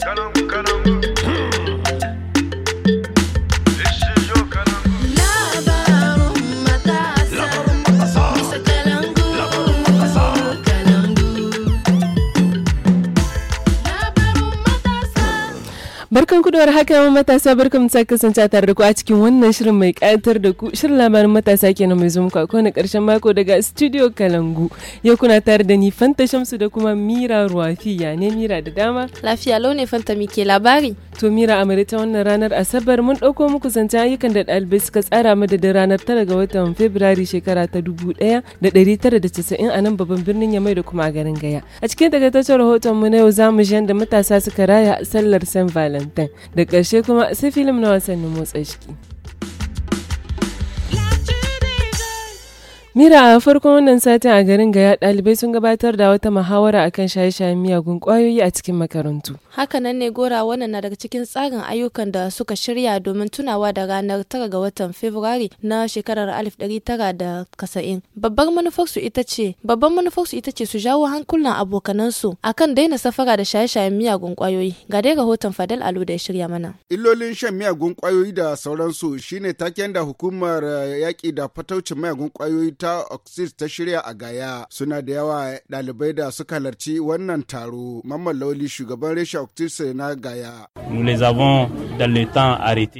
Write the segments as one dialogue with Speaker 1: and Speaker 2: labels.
Speaker 1: Caramba, caramba.
Speaker 2: Barkan ku da haka matasa barkan ta kasance tare da ku a cikin wannan shirin mai ƙayatar da ku shirin labarin matasa kenan mai zuwa ko na kowane ƙarshen mako daga studio Kalangu. Yau kuna tare da ni Fanta Shamsu da kuma Mira Ruwafi ya ne Mira da dama. Lafiya lau ne Fanta mike labari. To Mira a ta wannan ranar Asabar mun ɗauko muku zance ayyukan da ɗalibai suka tsara madadin ranar tara ga watan february shekara ta dubu ɗaya da ɗari tara da casa'in a nan babban birnin Yamai da kuma a garin Gaya. A cikin takaitaccen rahoton mu na yau za mu da matasa suka raya sallar saint Valentine. da ƙarshe kuma sai filim na wasanni motsa jiki Mira a farkon wannan satin a garin Gaya ɗalibai sun gabatar da wata muhawara akan shaye-shayen miyagun ƙwayoyi a cikin makarantu.
Speaker 1: Hakanan ne gora wannan na daga cikin tsarin ayyukan da suka shirya domin tunawa da ranar tara ga watan Fabrairu na shekarar 1990. Babbar manufarsu ita ce babban manufarsu ita ce su jawo hankulan abokanansu akan daina safara da shaye-shayen miyagun ƙwayoyi. Ga dai rahoton Fadal Alu da ya shirya mana.
Speaker 3: Illolin shan miyagun ƙwayoyi da sauransu shine taken da hukumar eh, yaƙi da fataucin miyagun ƙwayoyi ta Oxis ta shirya a Gaya. Suna da yawa ɗalibai da suka halarci wannan taro. Mamman Lauli shugaban reshe Oxis na Gaya.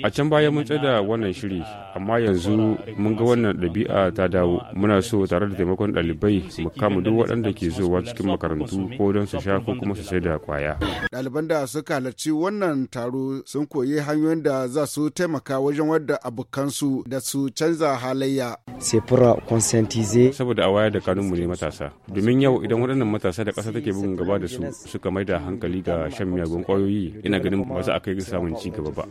Speaker 3: A can baya mun tsada wannan shiri, amma yanzu mun ga wannan ɗabi'a ta dawo. Muna so tare da taimakon ɗalibai mu kama duk waɗanda ke zowa cikin makarantu ko don su sha ko kuma su sai da kwaya. Ɗaliban da suka halarci wannan taro sun koyi hanyoyin da za su taimaka wajen wadda abokansu da su canza halayya. saboda a wayar da kanunmu ne matasa domin yau idan wadannan matasa da ƙasa take bugun gaba da su suka mai da hankali ga shan miyagun ƙwayoyi ina ganin ba za a kai ga samun ci gaba ba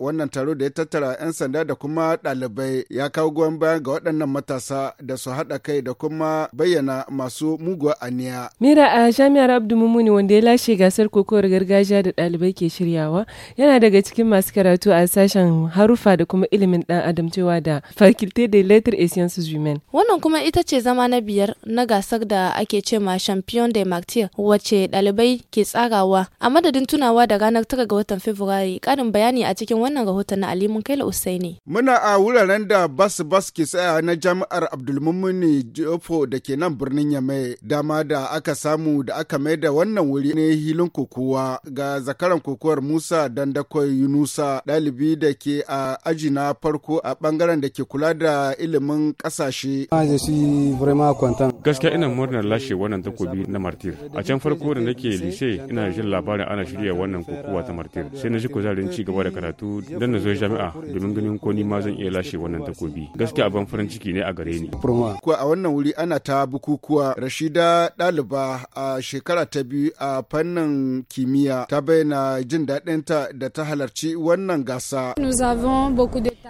Speaker 3: wannan taro da ya tattara 'yan sanda da kuma ɗalibai ya kawo goyon bayan ga waɗannan matasa da su haɗa kai da kuma bayyana masu muguwa aniya.
Speaker 2: Mira a jami'ar Abdu Mumuni wanda ya lashe gasar kokowar gargajiya da ɗalibai ke shiryawa yana daga cikin masu karatu a sashen haruffa da kuma ilimin ɗan adam cewa da fakilte de Lettres et Sciences Humaines.
Speaker 1: Wannan kuma ita ce zama na biyar na gasar da ake ce ma Champion de Martyr wacce ɗalibai ke tsarawa a madadin tunawa da ranar 9 ga watan Fabrairu. karin bayani a cikin wannan rahoton na Alimun Kaila Usaini.
Speaker 3: Muna a wuraren da bas bas ke tsaya na jami'ar Abdulmumuni Jofo da ke nan birnin Yame. Dama da aka samu da aka mai da wannan wuri ne hilin kokowa ga zakaran kokowar Musa Dandakoi Yunusa ɗalibi da ke a aji na farko a ɓangaren da ke kula da ilimin ƙasashe Gaskiya ina murnar lashe wannan takobi na martir. A can farko da nake lise ina jin labarin ana shirya wannan kokowa ta martir. Sai na ji kuzarin ci gaba da karatu don na zo jami'a domin ganin ko ni ma zan iya lashe wannan takobi. Gaskiya abin farin ciki ne a gare ni. Ko a wannan wuri ana ta bukukuwa Rashida ɗaliba a shekara ta biyu a fannin kimiyya ta bayyana jin daɗinta da ta halarci wannan gasa.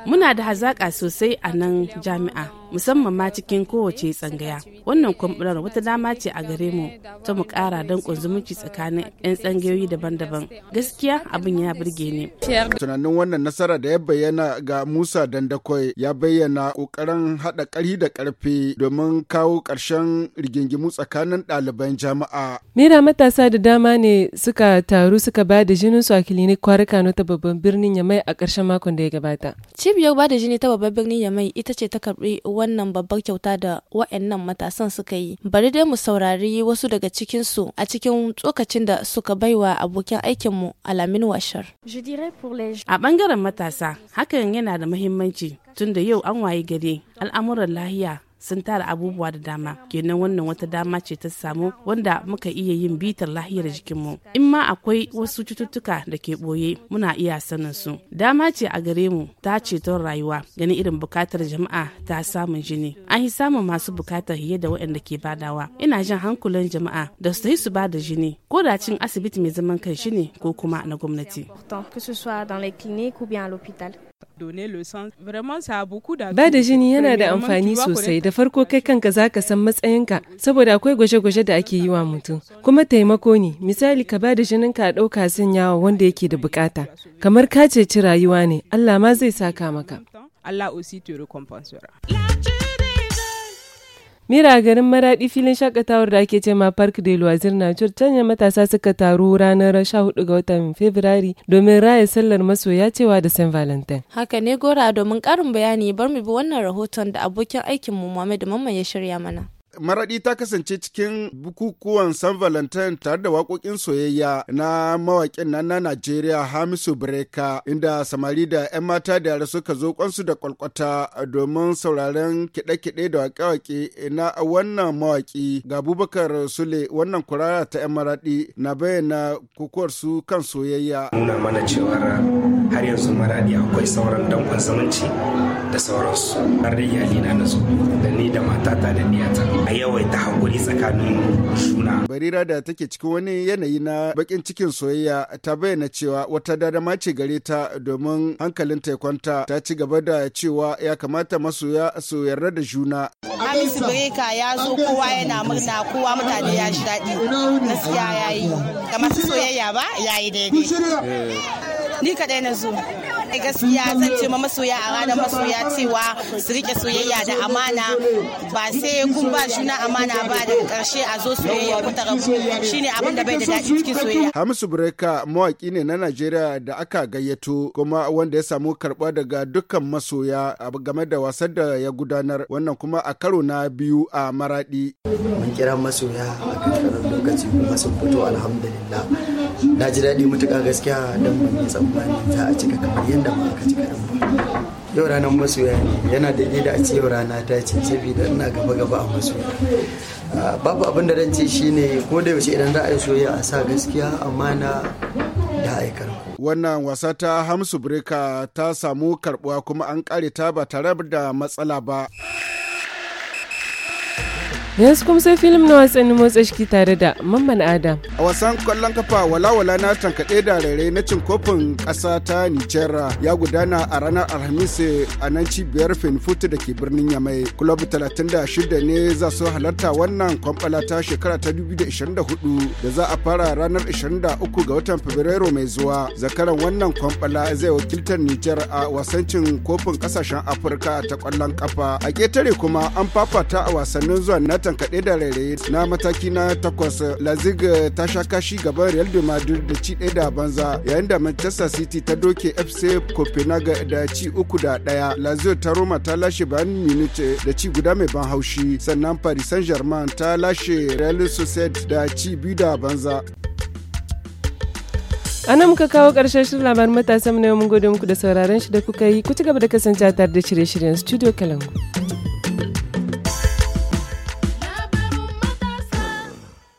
Speaker 1: Muna da hazaƙa sosai a nan jami'a, musamman ma cikin kowace tsangaya. Wannan kwamfurar wata dama ce a gare mu ta mu ƙara don zumunci tsakanin 'yan tsangayoyi daban-daban. Gaskiya abin ya burge ni.
Speaker 3: Tunanin wannan nasara da ya bayyana ga Musa Dandakwai ya bayyana ƙoƙarin haɗa ƙarfi da ƙarfe domin kawo ƙarshen rigingimu tsakanin ɗaliban jami'a.
Speaker 2: Mera matasa da dama ne suka taru suka ba da su a kilinik kwaruka ta babban birnin Yamai a ƙarshen makon da ya gabata.
Speaker 1: Cibiyar bada jini ta babbar birnin Yamai ita ce ta karbi wannan babbar kyauta da wa'annan matasan suka yi. Bari dai mu saurari wasu daga cikin su a cikin tsokacin da suka baiwa abokin aikin mu Alamin Washar. A bangaren matasa, hakan yana da muhimmanci tunda yau an waye gare al'amuran lahiya sun tara abubuwa da dama kenan wannan wata dama ce ta samu wanda muka iya yin bitar lahiyar jikinmu in ma akwai wasu cututtuka da ke boye muna iya sanin su dama ce a gare mu ta ceton rayuwa ganin irin bukatar jama'a ta samun jini an yi samun masu bukatar fiye da waɗanda ke badawa ina jan hankulan jama'a da su yi su ba da jini ko da cin asibiti mai zaman kanshi ne ko kuma na gwamnati. Ba da jini yana da amfani sosai da farko
Speaker 2: kai kanka za ka san matsayinka saboda akwai gwaje-gwaje da ake yi wa mutum. Kuma taimako ne, misali ka ba da jininka a ɗauka yawa wanda yake da bukata. Kamar ka ci rayuwa ne, Allah ma zai saka maka. Allah aussi te récompensera. Mira garin maraɗi filin shakatawar da ake ce ma Park de Loisir Nature canya matasa suka taru ranar 14 ga watan Fabrairu domin raya sallar masoya cewa da Saint Valentine.
Speaker 1: Haka ne gora domin karin bayani bar mu bi wannan rahoton da abokin aikinmu Muhammad Mamman ya shirya mana.
Speaker 3: maraɗi ta kasance cikin bukukuwan San Valentine tare da waƙoƙin soyayya na mawaƙin nan na Najeriya Hamisu Breka inda samari da 'yan mata da yara suka zo kwansu da kwalkwata domin sauraren kiɗe-kiɗe da waƙe-waƙe na wannan mawaƙi ga Abubakar Sule wannan kurara ta 'yan Maradi na bayyana kukuwar su kan soyayya. Nuna mana cewar har
Speaker 1: yanzu Maradi akwai sauran dankon zumunci da sauransu. Har da iyali na da ni da matata da niyata. a yawaita hakuri tsakanin suna.
Speaker 3: Barira da take cikin wani yanayi na bakin cikin soyayya ta bayyana cewa wata dadama ce gare ta domin hankalin taikonta ta ci gaba da cewa ya kamata masoya su yarda da juna.
Speaker 1: Amis Birika ya zo kowa yana murna kowa mutane ya shi daɗi gaskiya ya yi. kamar soyayya ba ya yi daidai. Ni kaɗai na zo. gaskiya zan ce ma masoya a ranar masoya cewa su rike soyayya da amana ba sai kun ba juna amana ba da karshe a zo soyayya ku ta rabu shine abin da bai da daɗi cikin
Speaker 2: soyayya.
Speaker 3: Hamisu Breka mawaki ne na Najeriya da aka gayyato kuma wanda ya samu karɓa daga dukkan masoya game da wasan da ya gudanar wannan kuma a karo na biyu a Maraɗi. Mun kira masoya a kan lokaci kuma sun fito alhamdulillah. na ji daɗi matuƙa gaskiya don ban tsammani za a cika kamar yadda ba aka cika ɗan ba yau ranar masoya ne yana daidai da a ce yau rana ta ce saboda ina gaba gaba a masoya ah, babu abin da zan ce shine ko da yaushe idan za a yi soyayya a sa gaskiya amana da aikar wannan wasa ta hamsu birka ta samu karbuwa kuma an kare ta ba tare da matsala ba
Speaker 2: da yanzu kuma sai filin na wasannin motsa jiki tare da mamman adam
Speaker 3: a wasan kwallon kafa walawala na tankaɗe da rere na cin kofin ƙasa ta nijera. ya gudana a ranar alhamis a nan cibiyar finfut da ke birnin yamai kulob 36 ne za su halarta wannan kwamfala ta shekara ta 2024 da za a fara ranar 23 ga watan fabrairu mai zuwa zakaran wannan kwamfala zai wakiltar nijar a wasan cin kofin ƙasashen afirka ta kwallon kafa a ƙetare kuma an fafata a wasannin zuwa na kaɗe da rairaye na mataki na takwas lazig eh, ta sha kashi gaban real de madrid da ci ɗaya da banza yayin da manchester city ta doke fc copenhagen da ci uku da ɗaya lazio ta roma ta lashe bayan munich eh, da ci guda mai ban haushi sannan paris saint germain ta lashe real sociedad da ci biyu da
Speaker 2: banza ana muka kawo ƙarshen shirin labarin matasan na yau mun gode muku da sauraron shi da kuka yi ku ci gaba da kasancewa tare da shirye-shiryen studio kalangu.